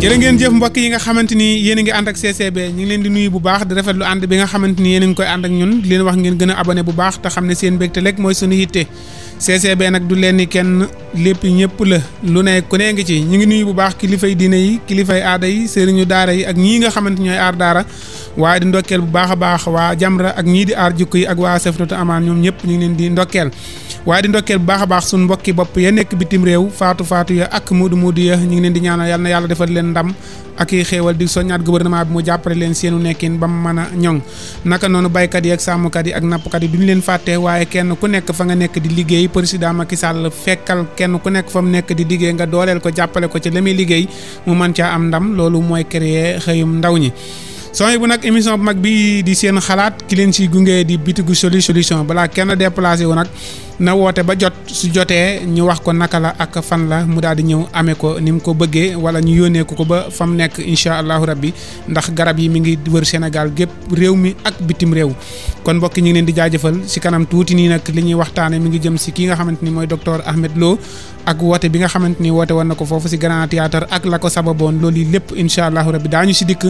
jërë ngeen jëf mbokk yi nga xamante ni yéen ngi ànd ak CCB ñu ngi leen di nuyu bu baax di rafetlu ànd bi nga xamante ni yéen ngi koy ànd ak ñun di leen wax ngeen gën a abonné bu baax te xam ne seen mbégte lekk mooy suñu yitte CCB nag du leen ni kenn lépp ñëpp la lu ne ku nee ngi ci ñu ngi nuyu bu baax kilifay diine yi kilifay aada yi sëriñu daara yi ak ñii nga xamante ñooy aar daara waaye di ndokkeel bu baax a baax waa Jamra ak ñii di aar jikko yi ak waa Safinatoul amaan ñoom ñëpp ñu ngi leen di ndokkeel waaye di ndokkeel bu baax a baax suñu mbokki bopp ya nekk bitim réew faatu faatu ya ak moodu moodu ya ñu ngi leen di ñaanal yàlla yàlla defal leen ndam ak i xéewal di soññaat gouvernement bi mu jàppale leen seenu nekkin ba mu mën a ñoŋ naka noonu baykat yi ak sàmmkat yi ak nappkat yi du ñu leen fàtte waaye kenn ku nekk fa nga nekk di liggéey président Macky Sall fekkal kenn ku nekk fa mu nekk di liggéey nga dooleel ko jàppale ko ci la muy liggéey mu mën caa am ndam loolu mooy créer xëyum ndaw ñi sooy bu nag émission bu mag bi di seen xalaat ki leen siy gunge di bitigu solution balaa kenn déplacé wu nag na woote ba jot su jotee ñu wax ko naka la ak fan la mu daal di ñëw amee ko ni mu ko bëggee wala ñu yónnee ko ko ba fa mu nekk incha allahu rabbi ndax garab yi mi ngi wër Sénégal gépp réew mi ak bitim réew kon mbokk ñu ngi leen di jaajëfal si kanam tuuti nii nag li ñuy waxtaane mi ngi jëm si kii nga xamante ni mooy docteur Ahmed Lo ak woote bi nga xamante ni woote war na ko foofu si Grand Théâtre ak la ko sababoon loolu lépp incha allahu rabbi daañu si dikk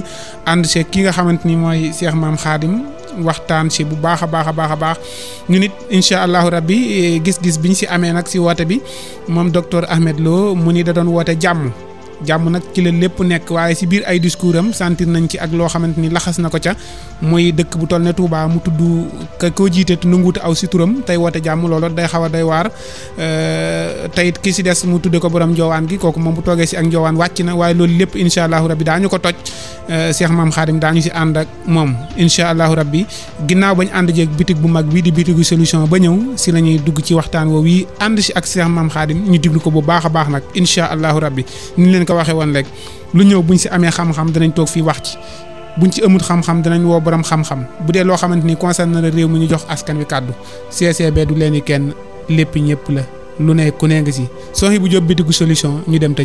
ànd see nga xamante ni mooy Cheikh Maam Khadim waxtaan si bu baax a baax a baax a baax ñu nit incha allahu rabbi eh, gis-gis ñu si amee nag si woote bi moom docteur Ahmed Lo mu ni da doon woote jàmm jàmm nag ci la lépp nekk waaye si biir ay discours am sentir nañ ci ak loo xamante ni laxas na ko ca mooy dëkk bu toll ne Touba mu tudd ka koo jiite nanguut aw si turam tey woote jàmm loolu day xaw a day waar. Eh, tayit ki si des mu tuddee ko borom njoowaan gi kooku moom bu toogee si ak njoowaan wàcc na waaye loolu lépp incha allahu rabbi daañu ko toj eh, Cheikh Maam Xaadim daañu si ànd moom incha allahu rabbi ginnaaw bañ ànd jeeg bitig bu mag bii di bitigu solution ba ñëw si la ñuy dugg ci waxtaan woowu yi ànd si ak Cheikh Maam Xaadim ñu diglu ko bu baax a baax nag incha allahu rabbi ni leen ko waxee woon rek lu ñëw bu ñu si amee xam-xam danañ toog fii wax ci bu buñ ci amul xam-xam danañ woo borom xam-xam bu dee loo xamante ni concerne na réew mi ñu jox askan wi kàddu du leen i kenn lépp ñëpp la lu ne ku ne nga si sooxi bu jóob bitigu solution ñu dem te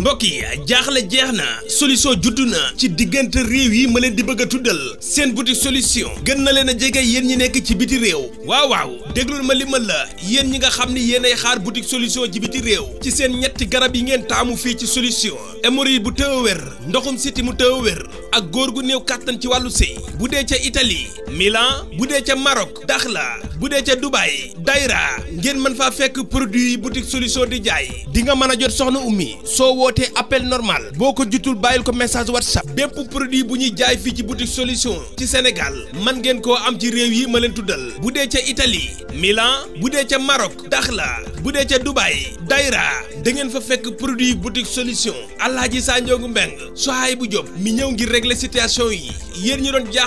mbokk yi jaaxle jeex na solution juddu na ci diggante réew yi ma leen di bëgg a tuddal seen buti solution gën na leen a jege yéen ñi nekk ci biti réew waaw waaw déglul ma li ma la yéen ñi nga xam ni yéenay xaar butik solution ci biti réew ci seen ñetti garab yi ngeen taamu fii ci solution hémorroïde bu tëw a wér ndoxum siti mu tëw a ak góor gu néew kàttan ci wàllu sëy bu dee ca Italie Milan bu dee ca Maroc Dakhla bu dee ca Dubaï dayra ngeen mën faa fekk produit yi boutique solution di jaay di nga mën a jot soxna ummi soo wootee appel normal boo ko jutul bàyyil ko message WhatsApp bépp produit bu ñuy jaay fii ci boutique solution ci Sénégal man ngeen koo am ci réew yi ma leen tuddal bu dee ca Italie Milan bu dee ca Maroc Dakhla bu dee ca Dubaï dayra da ngeen fa fekk produit boutique solution Alaaji Sanjoogu Mbeng Sohaay bu Jóob mi ñëw ngir régler situation yi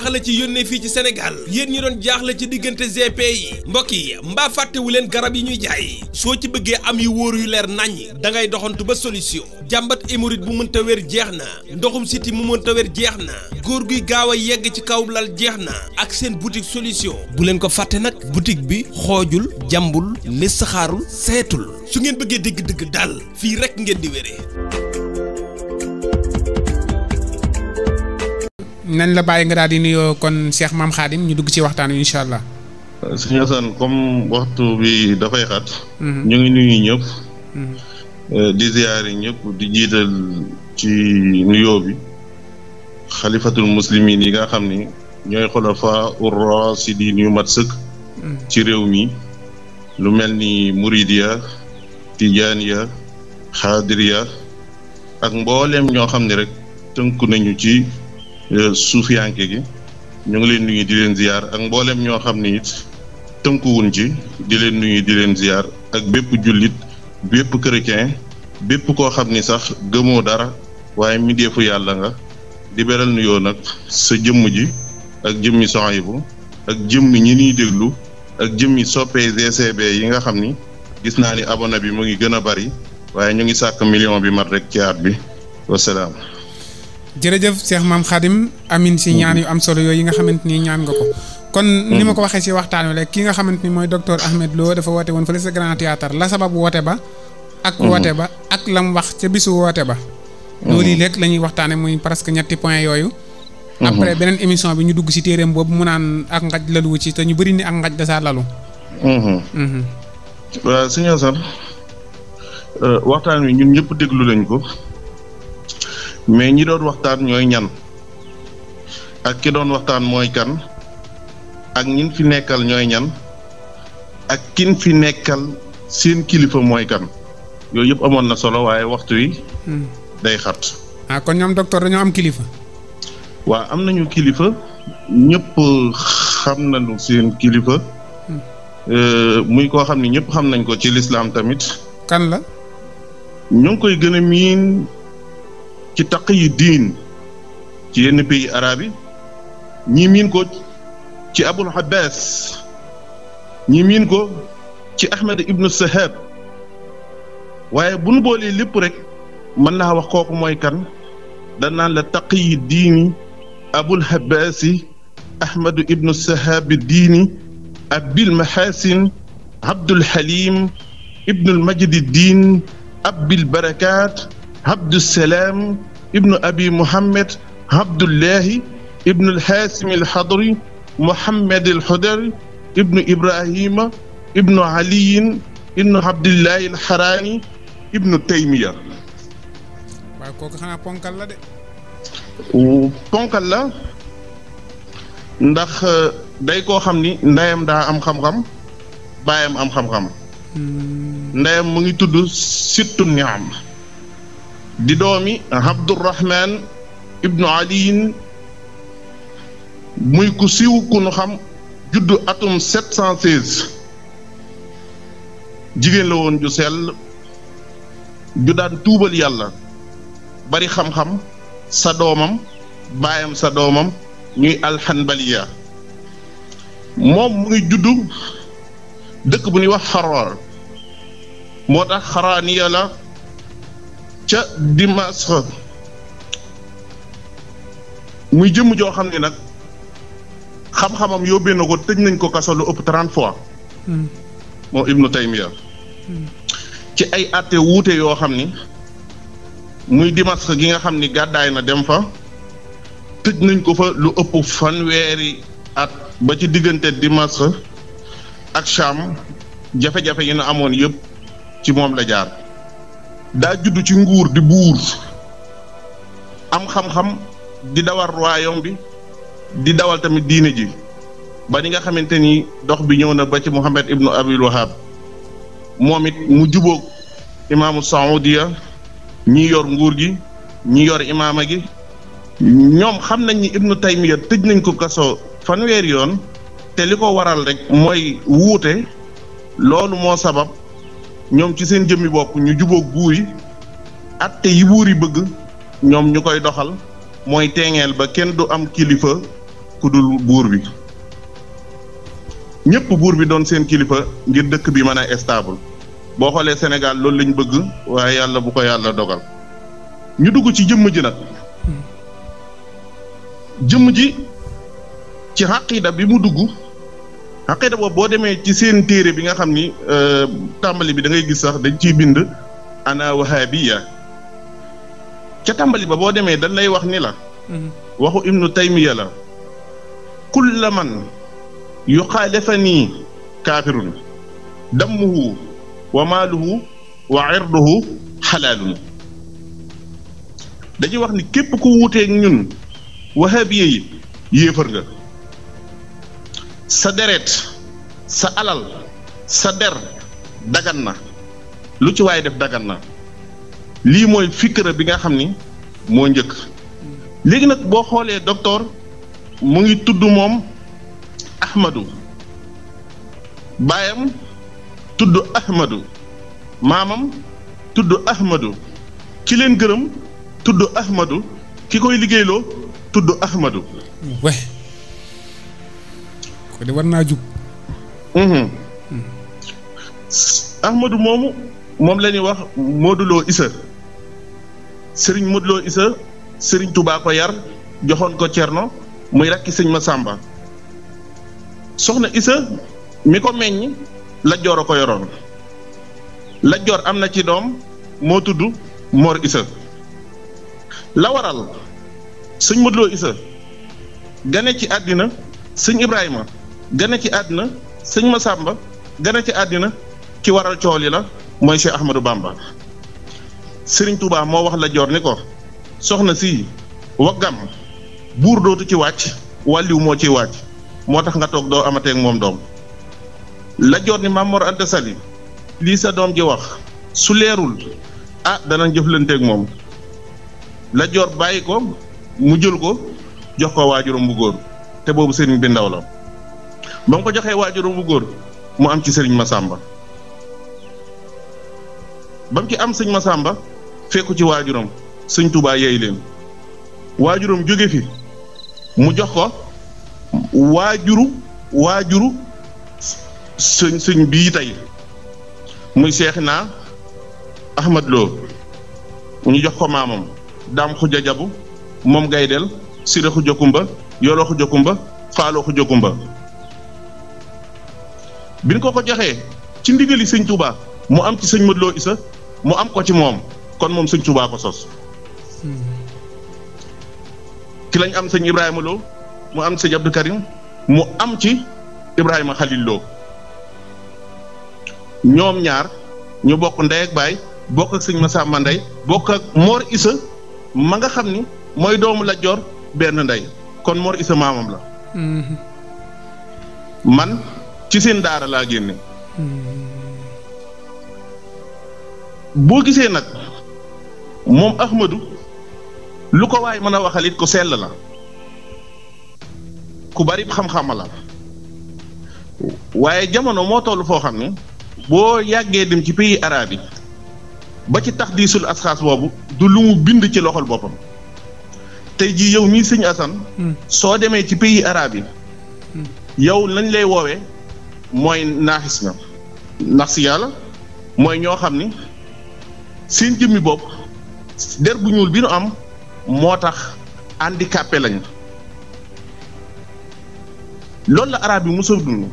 jaaxle ci yónnee fii ci Sénégal yéen ñi doon jaaxle ci diggante GP mbokk yi mbaa fàttewu leen garab yi ñuy jaay soo ci bëggee am yu wóor yu leer naññ da ngay doxantu ba solution jàmbat hémorroïde bu mënta weer jeex na ndoxum siti mu mënta wér jeex na góor guy gaaw a yegg ci kaw lal jeex na ak seen boutique solution bu leen ko fàtte nag boutique bi xoojul jàmbul listaxaarul seetul su ngeen bëggee digg dëgg daal fii rek ngeen di wéree nañ la bàyyi nga daal di nuyoo kon Cheikh Maam Khadim ñu dugg ci waxtaan wi incha allah. sëñ Assane comme waxtu bi dafay xat. Mhm. ñu ngi nuyu ñëpp. Mhm. Euh, di ziare ñëpp di jiital ci nuyoo bi xalifatul muslimin yi nga xam ni ñooy xulafa ur-raasidin yu mat sëkk. Mhm. ci réew mi lu mel ni Muridiya Tijaaniya Xaadiriya ak mboolem ñoo xam ni rek tënku nañu ci. Euh, suufiyanke gi ñu ngi leen nuyu di leen ziar ak mboolem ñoo xam ne it tënkuwun ci di leen nuyu di leen ziar ak bépp jullit bépp chrétien bépp koo xam ni sax gëmoo dara waaye mi deefu yàlla nga di beral nuyoo nag sa jëmm ji ak jëmmi Sohaybu ak jëmmi ñi ñuy déglu ak jëmmi soppee GCB yi nga xam ni gis naa ni abona bi mu ngi gën a bari waaye ñu ngi sàkk million bi mat rek ci aat bi wasalaam jërëjëf Cheikh Maam Khadim amin si ñaan yu am solo yooyu yi nga xamante ni ñaan nga ko. kon ni ma ko waxee si waxtaan wi rek kii nga xamante ni mooy docteur Ahmed Lo dafa woote woon fële sa Grand Théâtre la sabab woote ba. ak mhm. woote ba ak lam wax ca bisu woote ba. Mhm. loolu rek la ñuy waxtaanee muy presque ñetti point yooyu. Mhm. après beneen émission bi ñu dugg si téeréem boobu mu naan ak lal lalu ci te ñu bëri ni ak ngaj da saa lalu. waaw sëñ Assane euh, waxtaan wi ñun ñëpp déglu lañ ko. mais ñi doon waxtaan ñooy ñan ak ki doon waxtaan mooy kan ak ñin fi nekkal ñooy ñan ak kin fi nekkal seen kilifa mooy kan yooyu yëpp amoon na solo waaye waxtu wi. Hmm. day xat. ah kon ñoom docteur dañoo am kilifa. waa am nañu kilifa ñëpp xam nañu seen kilifa. Hmm. Euh, muy koo xam ne ñëpp xam nañ ko ci lislaam tamit. kan la. ñoo ngi koy gën miin ci taqiyu diin ci yenn pays arab yi ñi miin ko ci abul abbas ñi miin ko ci ahmed ibnu sahab waaye bu nu boolee lépp rek mën naa wax kooku mooy kan da danaan la taqiyu diini abul abbasi ahmed ibnu sahab diini abil mahasin abdul halim ibnul majdi diin abil barakaat abdusalaam ibnu abi mohammed abdullahi ibnu alxaasim alxadri mohammed alxudari ibnu ibrahima ibnu aliyin ibnu abdillahi alxaraani ibnu taymiya waaw kooku xanaa ponkal la de ponkal la ndax euh, day koo xam ni ndeyam daa am xam-xam baayam am xam-xam hmm. ndeyam mu ngi tudd sittu niam di doomi Abdurrahman ibnu aliin muy ku siiw ku xam juddu atum 716 jigéen la woon ju sell ju daan tuubal yàlla bari xam-xam sa doomam baayam sa doomam ñuy alxanbaliya moom mu ngi juddu dëkk bu ñuy wax xaraar moo tax xaraaniya la ca dimanche muy jëmm joo xam ni nag xam-xamam yóbbee na ko tëj nañ ko kaso lu ëpp trente fois. Hmm. moom Ibnu Taymiya hmm. ci ay ate wuute yoo xam ni muy dimanche gi nga xam ni gàddaay na dem fa tëj nañ ko fa lu ëpp fanweeri at ba ci diggante dimanche ak Cham jafe-jafe yi na amoon yëpp ci moom la jaar. daa judd ci nguur di buur am xam-xam di dawal royaume bi di dawal tamit diine ji ba ni nga xamante ni dox bi ñëw na ba ci Muhammad ibnu Abil Wahab moom it mu jubóog imaamu Saoudia ñi yor nguur gi ñi yor imaama gi ñoom xam nañ ni ibnu Taymiya tëj nañ ko kaso fanweeri yoon te li ko waral rek mooy wuute loolu moo sabab ñoom ci seen jëmmi bopp ñu jubóog buur yi atte yi buur yi bëgg ñoom ñu koy doxal mooy teeŋeel ba kenn du am kilifa ku dul buur bi ñëpp buur bi doon seen kilifa ngir dëkk bi mën a stable boo xoolee senegal loolu lañ bëgg waaye yàlla bu ko yàlla dogal ñu dugg ci jëmm ji nag jëmm ji ci xàqiida bi mu dugg xaqida boobu boo demee ci seen téere bi nga xam ni euh, tàmbali bi da ngay gis sax dañ ci bind ana wahabiya ca tàmbali ba boo demee dañ lay wax ni la mhm. waxu ibnu taymiya la kulla man yuxaalifanii kaafirun dammuhu wa maaluhu wa irduhu xalaalun dañuy wax ni képp ku wuuteeg ñun wahabiya yi yéefar nga sa deret sa alal sa der dagan na lu ci waaye def dagan na lii mooy fikra bi nga xam ni moo njëkk léegi nag boo xoolee docteur mu ngi tudd moom Ahmadu baayam tudd Ahmadu maamam tudd Ahmadu ci leen gërëm tudd Ahmadu ki koy liggéeyloo tudd Ahmadu. de war naa jug. Mhm. Ahmadou moomu moom la ñuy wax Modou Lo sëriñ Serigne Modou Lo Issa yar joxoon ko Cerno muy rakki sëñ Masamba soxna Issa mi ko meññ Lat Joor a ko yoroon Lat am na ci doom moo tudd Mor Issa la waral sëñ Modou Lo Issa gane ci àddina sëñ Ibrahima gane ci àddina sëñ ma sàmba gane ci àddina ci waral cool yi la mooy Cheikh Ahmadou Bamba Serigne Touba moo wax la joor ni ko soxna si waggam buur dootu ci wàcc wàlliw moo ci wàcc moo tax nga toog doo amateeg moom doom la joor ni Mamor Anta Sali lii sa doom ji wax su leerul ah dana jëflanteeg moom la joor bàyyi ko mu jël ko jox ko waajuram bu góor te boobu sëriñ bi ndaw la bam mu ko joxee waajuram bu góor mu am ci sëriñ ma ba bam ci am sëñ sàmba fekku ci waajuram sëñ Touba yeey leen waajuram jóge fi mu jox ko waajuru waajuru sëñ sëñ bii tey muy seex naa Ahmad Lo ñu jox ko maamam daam xuja jabu moom gaydel sira xuja kumba yoloo xuja kumba faaloo xuja kumba bi ko ko joxee ci ndigali sëñ Touba mu am ci sëñ Modou Lo Issa mu am ko ci moom kon moom sëñ Touba ko sos. ci lañ am sëñ Ibrahima Lo mu am sëñ Abdou mu am ci Ibrahima Khalil Lo ñoom ñaar ñu bokk ndey ak baay bokk ak sëñ Massamba Ndey bokk ak Mor ma nga xam ni mooy doomu Lat benn ndey kon Mor Issa maamam la. Mm-hmm. man ci seen daara laa génne. Hmm. boo gisee nag moom Ahmadou lu ko waay mën a waxalit it ku sell la ku bari xam-xam la waaye jamono moo toll foo xam ne boo yàggee dem ci pays araab yi ba ci tax diisul asxaas boobu du lu mu bind ci loxol boppam te ji yow mii sëñ Assane. Hmm. soo demee ci pays araab yi. Hmm. yow lañ lay woowe mooy naaxis na ndax si yàlla mooy ñoo xam ni seen jëmmi bopp der bu ñuul bi nu am moo tax handicapé lañ loolu la arab yi mosoo dund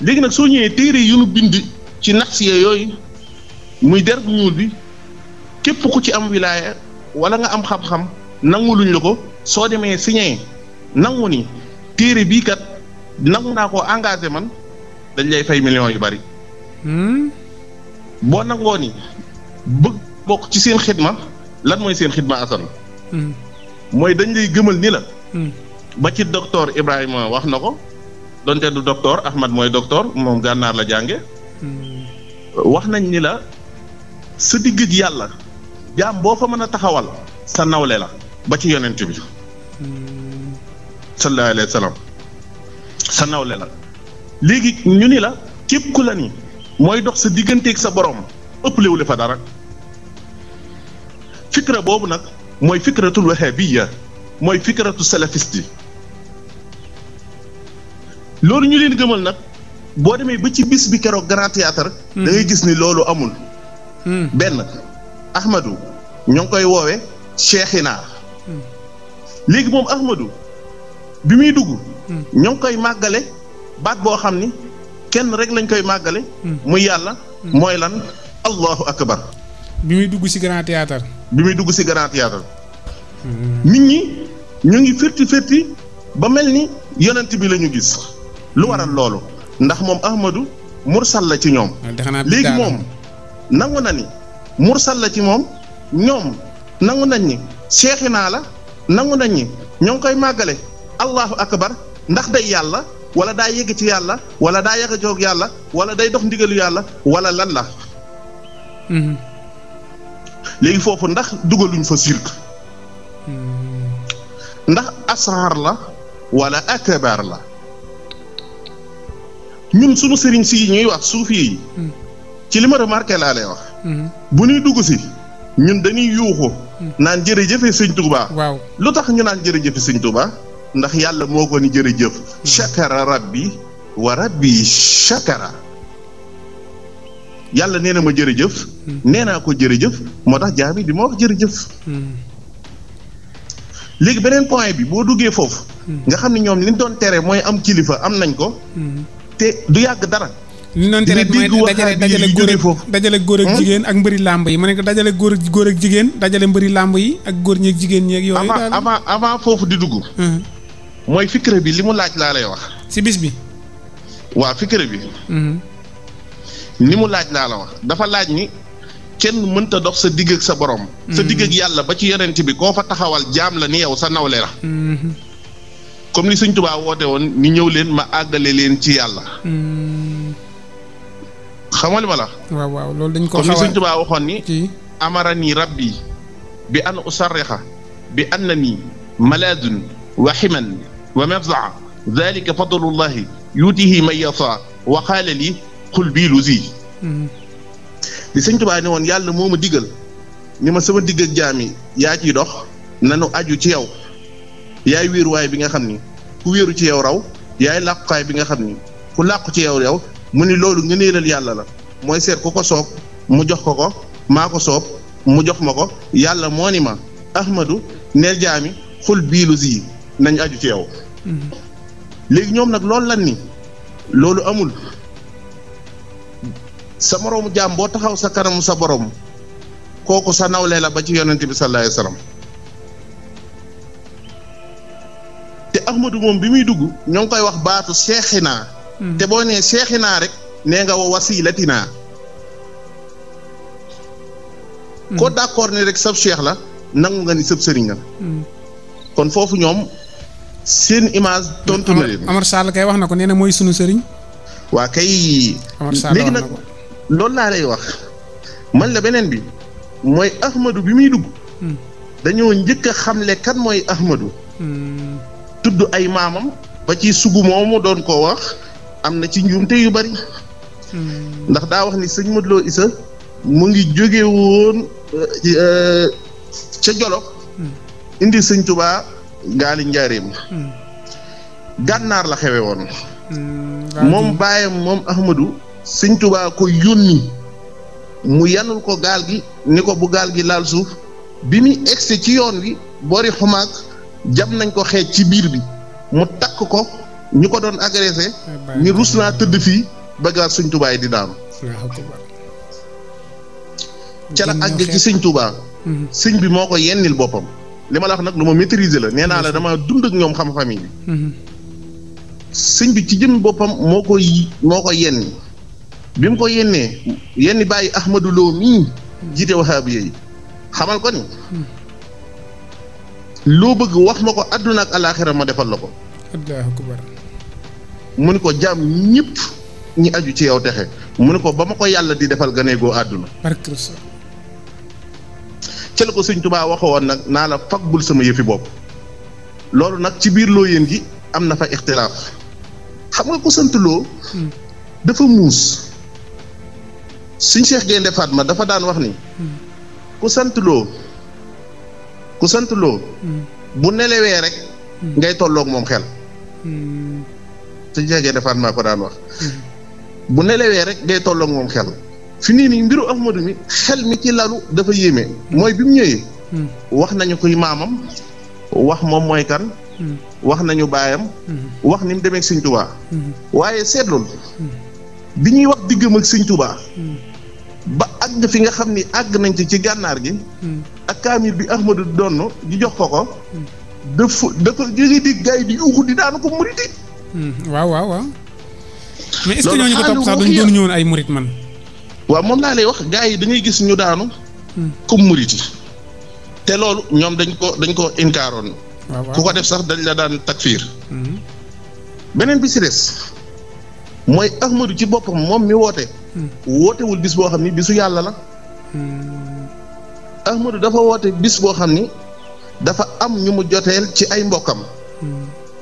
léegi nag soo ñëwee téere yu nu bind ci naxsiya yooyu muy der bu ñuul bi képp ku ci am wilaaya wala nga am xam-xam nangu luñ la ko soo demee signé nangu ni téere bii kat nangu naa ko engagé man dañ lay fay million yu bari. Hmm? boo nangoo ni bëgg bokk ci seen xidma lan mooy seen xidma asan hmm. mooy dañ lay gëmal ni la. Hmm. ba ci docteur Ibrahima wax na ko donte du docteur Ahmad mooy docteur moom gànnaar la jànge wax nañ ni la sa digg yàlla jaam boo fa mën a taxawal sa nawle la ba ci yonent bi sallallahu alayhi wa sa nawle la. léegi ñu ni la képp ku la ni mooy dox sa digganteeg sa borom ëpplewu la fa dara fikra boobu nag mooy bi wahabiya mooy fikratu salafiste yi loolu ñu leen gëmal nag boo demee ba ci bis bi keroog grand théâtre hmm. da ngay gis ni loolu amul hmm. benn ahmadou ñoo ngi koy woowe cheikhina hmm. léegi moom ahmadou bi muy dugg ñoo ngi koy màggale baat boo xam ni kenn rek lañ koy màggale. Hmm. muy yàlla. Hmm. mooy lan allahu akbar. bi muy dugg ci grand théâtre. bi muy dugg ci grand hmm. nit ñi ñu ngi firti firti ba mel ni yonent bi la ñu gis. lu waral loolu ndax moom Ahmadou mursal la ci ñoom. Ah, léegi moom nangu na ni mursal la ci moom ñoom nangu nañ ni seexi naa la nangu nañ ni ñoo ngi koy màggale allahu akbar ndax day yàlla. wala daa yegg ci yàlla wala daa yàgg joog yàlla wala day dox ndigalu yàlla wala lan la. Mm-hmm. léegi foofu ndax dugaluñ fa sirk mm-hmm. ndax asraar la walla akabaar la ñun sunu sëriñ si ñuy wax suufi yi mm-hmm. ci li ma remarqué laa lay wax bu ñuy dugg si ñun dañuy yuuxu naan jërëjëfe sëñ Tuubaa waaw lu tax ñu naan jërëjëfe sëñ Tuubaa ndax yàlla moo ko ni jërëjëf hmm. shakara rabbi wa rabbi shakara yàlla nee na ma jërëjëf hmm. nee naa ko jërëjëf moo tax jaam di ma wax jëf hmm. léegi beneen point bi boo duggee foofu nga xam ne ñoom li doon tere mooy am kilifa am nañ ko te du yàgg dara li doon tere mooy dajale dajale góor ak dajale góor ak jigéen ak mbëri làmb yi ma ne ko dajale góor ak góor ak jigéen dajale mbëri làmb yi ak góor ñeeg jigéen ñeeg yooyu daal avant avant foofu di dugg mooy fikre bi li mu laaj laa lay wax. si bis bi. waaw fikre bi. li mm-hmm. mu laaj laa la wax dafa laaj ni kenn mënta dox sa digg sa borom. sa mm-hmm. digg yàlla ba ci yonent bi koo fa taxawal jaam la ni yow sa nawle la. Mm-hmm. comme li Sëñ Tuubaa woote woon ni ñëw leen ma àggale leen ci yàlla. xamal ma la. waaw waaw loolu dañ ko xaw waxoon ni. amara nii rabbi bi an usarrixa bi anna nii malaadun wa mafzaa dalika fadlullahi yuutihi man yasaa wa qaala li xul bii lu zi li sëñ Tuubaa ne woon yàlla moo ma digal ni ma sama digg ak yaa ciy dox nanu aju ci yow yaay wéeruwaay bi nga xam ni ku wéeru ci yow raw yaay làqukaay bi nga xam ni ku làqu ci yow yow mu ni loolu ngëneelal yàlla la mooy seet ku ko soob mu jox ko ko maa ko soob mu jox ma ko yàlla moo ni ma ahmadu neel jaami xul bii lu zi nañu aju ci yow léegi ñoom nag loolu lan ni loolu amul sa moroomu jaam boo taxaw sa kanamu sa borom kooku sa nawle la ba ci yonent bi sallallahu alayhi wasallam te Ahmadu moom bi muy dugg ñoo ngi koy wax baatu seexinaa hmm. te boo nee seexinaa rek nee nga wa wasilatinaa hmm. koo d'accord ni rek sab cheikh la nangu nga ni sab sëriñ la hmm. kon foofu ñoom seen image tontu na Amar Sall kay wax na ko nee na mooy sunu sëriñ. waa kay. Amar Sall léegi nag loolu laa lay wax man la beneen bi mooy Ahmadou bi muy dugg. Hmm. dañoo njëkk a xamle kan mooy Ahmadou. Hmm. tudd ay maamam ba ci sugu moomu doon koo wax am na ci njuumte yu bari. Hmm. ndax daa wax ni sëñ Modou Lo mu ngi jóge woon euh, euh, ca Jolof. indi sëñ Tuubaa. gaali njaarim hmm. gànnaar la xewe woon hmm, moom baayam moom ahmadu sëñ tubaa ko yónni mu yanul ko gaal gi ni ko bu gaal gi laal suuf bi mu egsi ci yoon wi boori xumaag jam nañ ko xeej ci biir bi mu takk ko ñu ko doon agressé ni rus naa tëdd fii ba gaal sëñ tubaa yi di daanu ca la àgg ci sëñ tubaa hmm. sëñ bi moo ko yennil boppam li ma la wax nag lu ma maîtriser la nee naa la dama dund ak ñoom xam famille bi sëñ bi ci jëm boppam moo koy moo ko yenn bi mu ko mhm. yennee yenni bàyyi Ahmadou loo mii jiite wahaabi yi xamal ko ni mhm. loo bëgg wax ma ko àdduna ak alaaxira ma defal la ko allahu akbar mu ni ko jaam ñëpp ñi aju ci yow texe mu ni ko ba ma ko yàlla di defal ganeegoo àdduna ca la ko sëñ Tuubaa waxoon nag naa la bul sama yëfi bopp loolu nag ci biir loo yéen gi am na fa ixtilaaf xam nga ko sant loo hmm. dafa muus suñ Cheikh Gaynde Fatma dafa daan wax ni hmm. ku sant loo ku sant hmm. bu nelawee rek ngay tolloog moom xel sëñ Cheikh Gaynde ko daan wax bu rek ngay tolloog moom xel fi nii nii mbiru Ahmadou mi xel mi ci lalu dafa yéeme mooy bi mu ñëwee wax nañu koy maamam wax moom mooy kan wax nañu baayam wax ni mu demee ak sëñ tubaa waaye seetlul bi ñuy wax diggam ak sëñ tubaa ba àgg fi nga xam ni àgg nañ ci ci gànnaar gi ak kaamil bi Ahmadou donn di jox ko ko dafa dafa jëge di gaay di uxu di daanu ko muriti hmm, waaw waaw waaw mais est-ce que ay murit man waaw moom laa lay wax gars yi dañuy gis ñu daanu. Hmm. comme murit te loolu ñoom dañ ko dañ ko inkaaroon. ku ko def sax dañ la daan takfiir. Hmm. beneen bi si des mooy Ahmadu ci boppam moom mi woote. Hmm. wootewul bis boo xam ni bisu yàlla la. Ahmadu dafa woote bis boo xam ni dafa am ñu mu joteel ci ay mbokkam.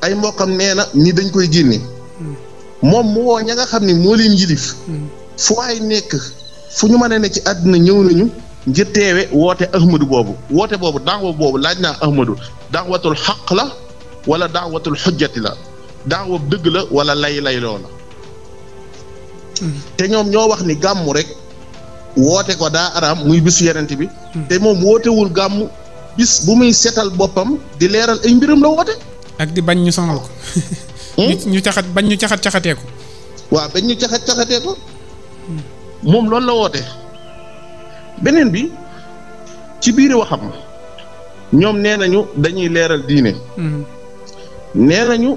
ay mbokkam nee na ñi dañ koy génne. moom mu woo nga xam ni moo leen yilif fu ay nekk fu ñu mën a ne ci àddina ñëw nañu ngir teewe woote ahmadu boobu woote boobu daawa boobu laaj naa ahmadu daawatul xaq la wala daawatul xujjati la daawa dëgg la wala lay lay loo la hmm. te ñoom ñoo wax ni gàmmu rek woote ko daa araam muy bisu yenent bi hmm. te moom wootewul gàmmu bis bu muy seetal boppam di leeral ay mbiram la woote ak di bañ ñu sonal ko hmm? ñu caxat bañ ñu caxat caxatee ko waaw bañ ñu caxat caxatee ko moom loolu la woote beneen bi ci biir waxam ñoom nee nañu dañuy leeral diine. Hmm. nee nañu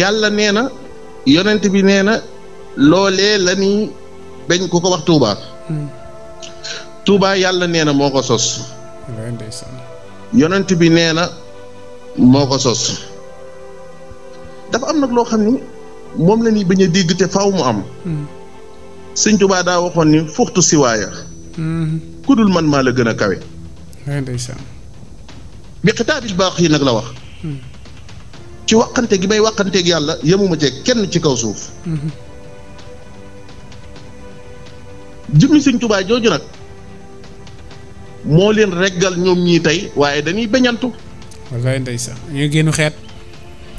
yàlla nee na yonent bi nee na loolee la ni bañ ku ko wax Touba. Hmm. Touba yàlla nee na moo ko sos. yonent bi nee na moo ko sos dafa am nag loo xam ni moom la ñuy bañ te faaw mu am. Hmm. sëñ Tuubaa daa waxoon ni fuxtu si mm-hmm. ku dul man maa la gën a kawe. bi xitaabil baax yi nag la wax. Mm-hmm. ci waxante gi may waxanteeg yàlla yemuma cee kenn ci kaw suuf. Mm-hmm. jëmmi suñ Tuubaa jooju nag moo leen reggal ñoom ñii tey waaye dañuy bañantu. wallaay ndeysaan ñu génnu xeet.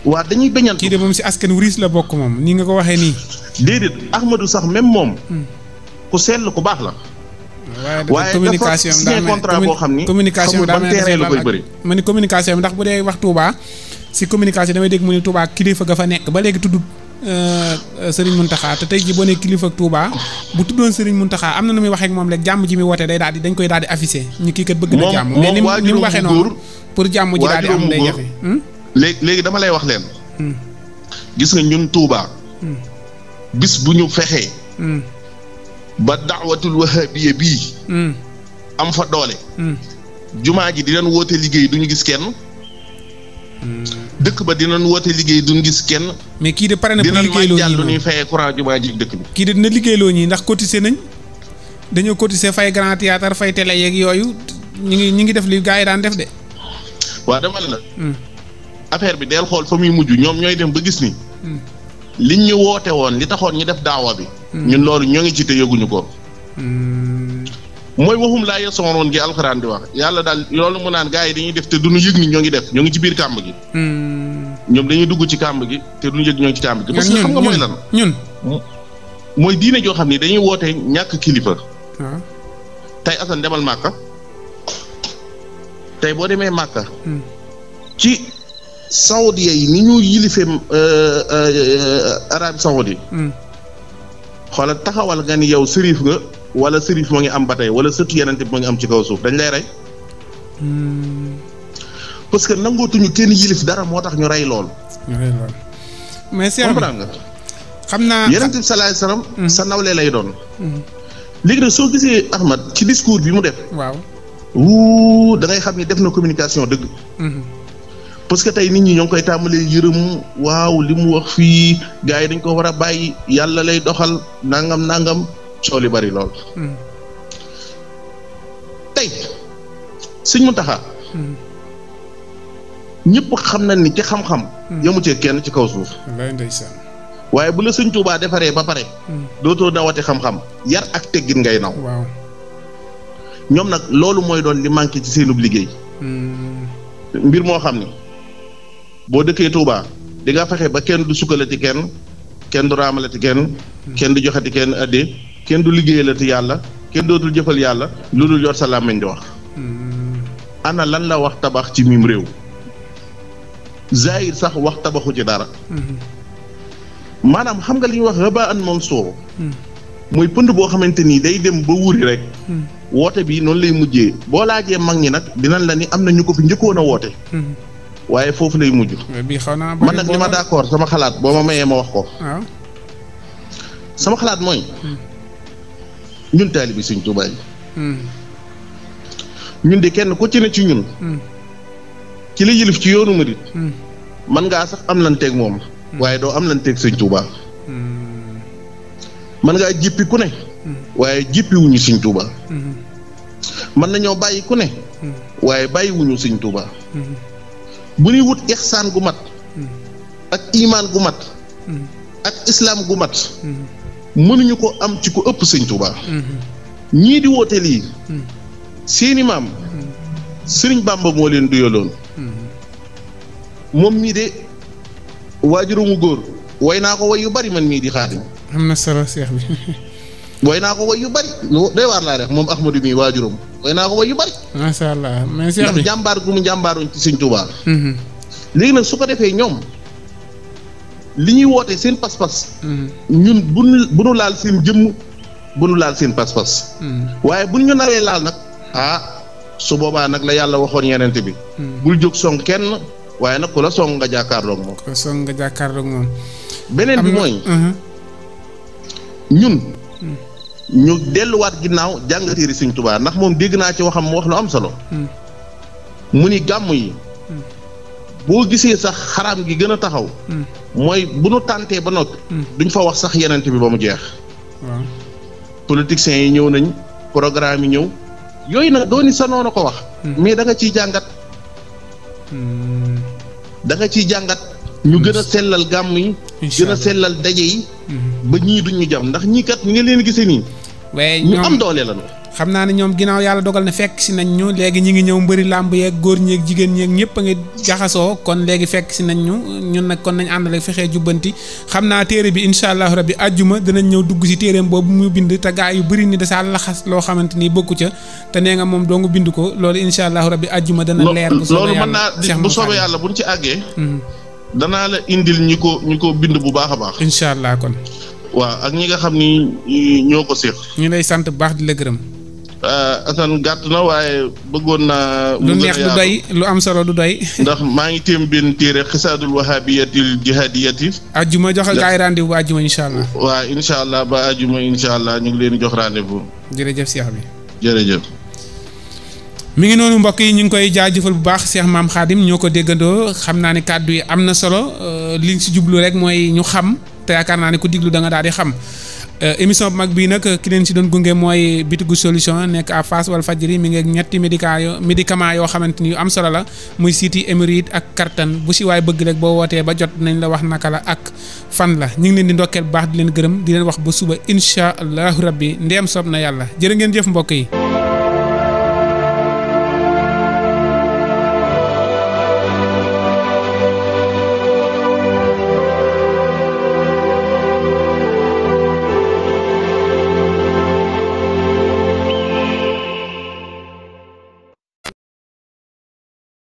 waa dañuy bañantu. kii de moom si askan wu riis la bokk moom ni nga ko waxee nii. déedéet Ahmadou sax même moom. Hmm. ku sell ku baax la. waaye communication bi daal contrat boo xam ni communication bi daal la koy bëri. ma ni communication bi ndax bu dee wax Touba si communication damay dégg mu ni Touba kilifa ga fa nekk ba léegi tudd euh, euh, Serigne Mountakha te tey jii boo nee kilifa ak bu tuddoon mun Mountakha am na nu muy waxee moom rek jàmm ji muy woote day daal di dañ koy daal di affiché ñu kii kat bëgg na jàmm. mais ni mu waxee noonu pour jàmm ji daal di am day jafe. Hmm? léegi léegi dama lay wax leen. Hmm. nga ñun Touba. bis bu ñu fexee hmm. ba daawatul wahabiya bii hmm. am fa doole hmm. jumaa ji dinañ woote liggéey duñu gis kenn dëkk ba dinañ woote liggéey duñ gis kenn mais kii de pare na dinañ ma jàll ñuy fayee courant jumaa ji dëkk bi kii de dina liggéeyloo ñi ndax cotiser nañ dañoo cotiser fay grand théâtre fay télé yeeg yooyu ñu ngi ñu ngi def li gars daan def de waa dama la affaire bi del xool fa muy mujj ñoom ñooy dem ba gis ni liñ ñu woote woon li taxoon ñu def daawa bi. Hmm. ñun loolu ñoo ngi ci te yëguñu ko. Hmm. mooy waxum laa yesoonoon gi alxuraan di wax yàlla daal loolu mu naan gars yi dañuy def te duñu yëg ni ñoo ngi def ñoo ngi ci biir kàmb hmm. ñoom dañuy dugg ci kàmb gi te duñu yëg ñoo ngi ci kàmb gi. parce que xam nga mooy lan ñun mooy diine joo xam ne dañuy woote ñàkk kilifa. Ah. tey Assane demal Màkka. tey boo demee Màkka. ci saoudia yi ni ñu yilifee euh, euh, arabi saoudi hmm. xoolal taxawal nga ni yow sërif nga wala sërif moo ngi am ba tey wala sëtu yenente bi moo ngi am ci kaw suuf dañ lay rey hmm. parce que nangootuñu kenn yilif dara moo tax ñu rey lool mais comprendre nga xam naa yenente bi salaay hmm. sa nawle lay doon léegi nag soo gisee Ahmad ci discours bi mu def waaw wuu da xam ni def na communication dëgg parce que tey nit ñi ñoo ngi koy tàmbalee yërëm waaw li mu wax fii gars yi dañ ko war a bàyyi yàlla lay doxal nangam nangam soo li bari lool. Hmm. tey sëñ Mountakha. Hmm. ñëpp xam na ni ci xam-xam. Hmm. yemu kenn ci kaw suuf. ndeysaan. waaye bu la sëñ Tuubaa defaree ba pare. dootoo nawati xam-xam yar ak teggin ngay naw. ñoom nag loolu mooy doon li manqué ci seenub liggéey. mbir moo xam ni. boo dëkkee Touba di nga fexe ba kenn du sukkalati kenn kenn du raamalati kenn kenn du joxati kenn addi kenn du liggéeyalati yàlla kenn dootul jëfal yàlla lu dul yor sa làmmiñ di wax hmm. ana lan la wax tabax ci mim réew Zahir sax wax tabaxu ci dara hmm. maanaam xam nga li ñuy wax raba an mansour hmm. mooy pënd boo xamante nii day dem ba wuri rek woote bi noonu lay mujjee boo laajee mag ñi nag dinañ la ni am na ñu ko fi njëkkoon a woote waaye foofu lay mujj. man nag li ma d'accord sama xalaat boo ma mayee ma wax ko. Ah. sama xalaat mooy. Hmm. ñun taalibi Sëñ Tuubaa hmm. ñun de kenn ku ci ne ci ñun. ci hmm. la yilif ci yoonu murit. mën ngaa sax am lanteeg moom. waaye doo am lanteeg Sëñ Tuubaa. mën ngaa jippi ku ne. waaye jippi wuñu Sëñ Tuubaa. mën nañoo bàyyi ku ne. waaye bàyyiwuñu wuñu tuuba bu ñuy wut ixsaan gu mat hmm. ak imaan gu mat hmm. ak islaam gu mat hmm. mënuñu ko am ci ko ëpp sëñ Tuubaa ñii di woote lii seeni maam sëriñ Bàmba moo leen duyaloon moom mii de waajuramu góor way naa ko way yu bari man mii di xaatim am na solo seex bi way naa ko way yu bari day waar laa rek moom Ahmadu mii waajuram way naa ko way yu bari macha allah mais Cheikh jàmbaar gu mu jàmbaaruñ ci Sëñ Tuubaa. Mhm. léegi nag su ko defee ñoom li ñuy woote seen pas-pas. Mhm. ñun bu nu laal seen jëmm bu nu laal seen pas-pas. Mhm. waaye bu ñu naree laal nag ah su boobaa nag la yàlla waxoon yenente bi. bul jóg song kenn waaye nag ku la song nga jàkkaarloog moom. nga jàkkaarloog moom. beneen bi mooy. ñun. ñu delluwaat ginnaaw jàng téere Sëriñ Tuubaa ndax moom dégg naa ci waxam mu wax lu am solo. Hmm. mu ni gàmm yi. Hmm. boo gisee sax xaraam gi gën a taxaw. Hmm. mooy bu nu tàntee ba noppi. duñ fa wax sax yeneen bi ba mu jeex. politiciens yi ñëw nañ programme yi ñëw yooyu nag dooni sa noonu ko wax. mais da nga ciy jàngat. danga ciy jàngat. ñu gën a sellal gàmm yi. gën a sellal daje yi. ba ñii duñ ñu jam ndax ñii kat ñi nga leen gisee nii. waaye ñoom ñu am doole la ñu. xam naa ne ñoom ginnaaw yàlla dogal na fekk si nañ ñu léegi ñu ngi ñëw mbëri làmb yeeg góor ñeeg jigéen ñeeg ñëpp a ngi jaxasoo kon léegi fekk si nañ ñu ñun nag kon nañ àndale fexee jubbanti xam naa téere bi incha allahu rabbi ajjuma dinañ ñëw dugg si téereem boobu mu bind te gaa yu bëri ni dasaa laxas loo xamante ni bokk ca te nee nga moom doongu bind ko loolu incha allahu rabbi ajjuma dana leer bu soobee yàlla loolu mën naa bu soobee yàlla buñ ci àggee mhm. danaa la indil ñi ko ñi ko bind bu baax a baax incha allah kon waaw ak ñi nga xam ni ñoo ko séq. ñu lay sant bu baax di la gërëm. Euh, Assane gàtt na waaye bëggoon naa. lu neex du doy lu am solo du doy. ndax maa ngi téem benn téere xisaadul wahabiyatil jihadiyati. ajjuma joxe gaay rendez-vous ba ajjuma incha allah. waaw incha allah ba ajjuma incha allah ñu ngi leen jox rendez-vous. jërëjëf seex bi. jërëjëf. ngi noonu mbokk yi ñu ngi koy jëfal bu baax seex Maam Khadim ñoo ko déggandoo xam naa ni kàddu yi am na solo euh, liñ si jublu rek mooy ñu xam. te yaakaar naa ne ku diglu da nga daal di xam euh, émission bu mag bii nag ki leen si doon gunge mooy bitigu solution nekk à face wal fajiri mi ngi ñetti médicaments yoo médicaments yoo xamante ni yu am solo la muy siiti émiride ak kartan bu si waay bëgg rek boo wootee ba jot nañ la wax naka la ak fan la ñu ngi leen di ndokkeel bu baax di leen gërëm di leen wax ba suba incha allahu bi ndeem soob na yàlla jërë ngeen jëf mbokk yi.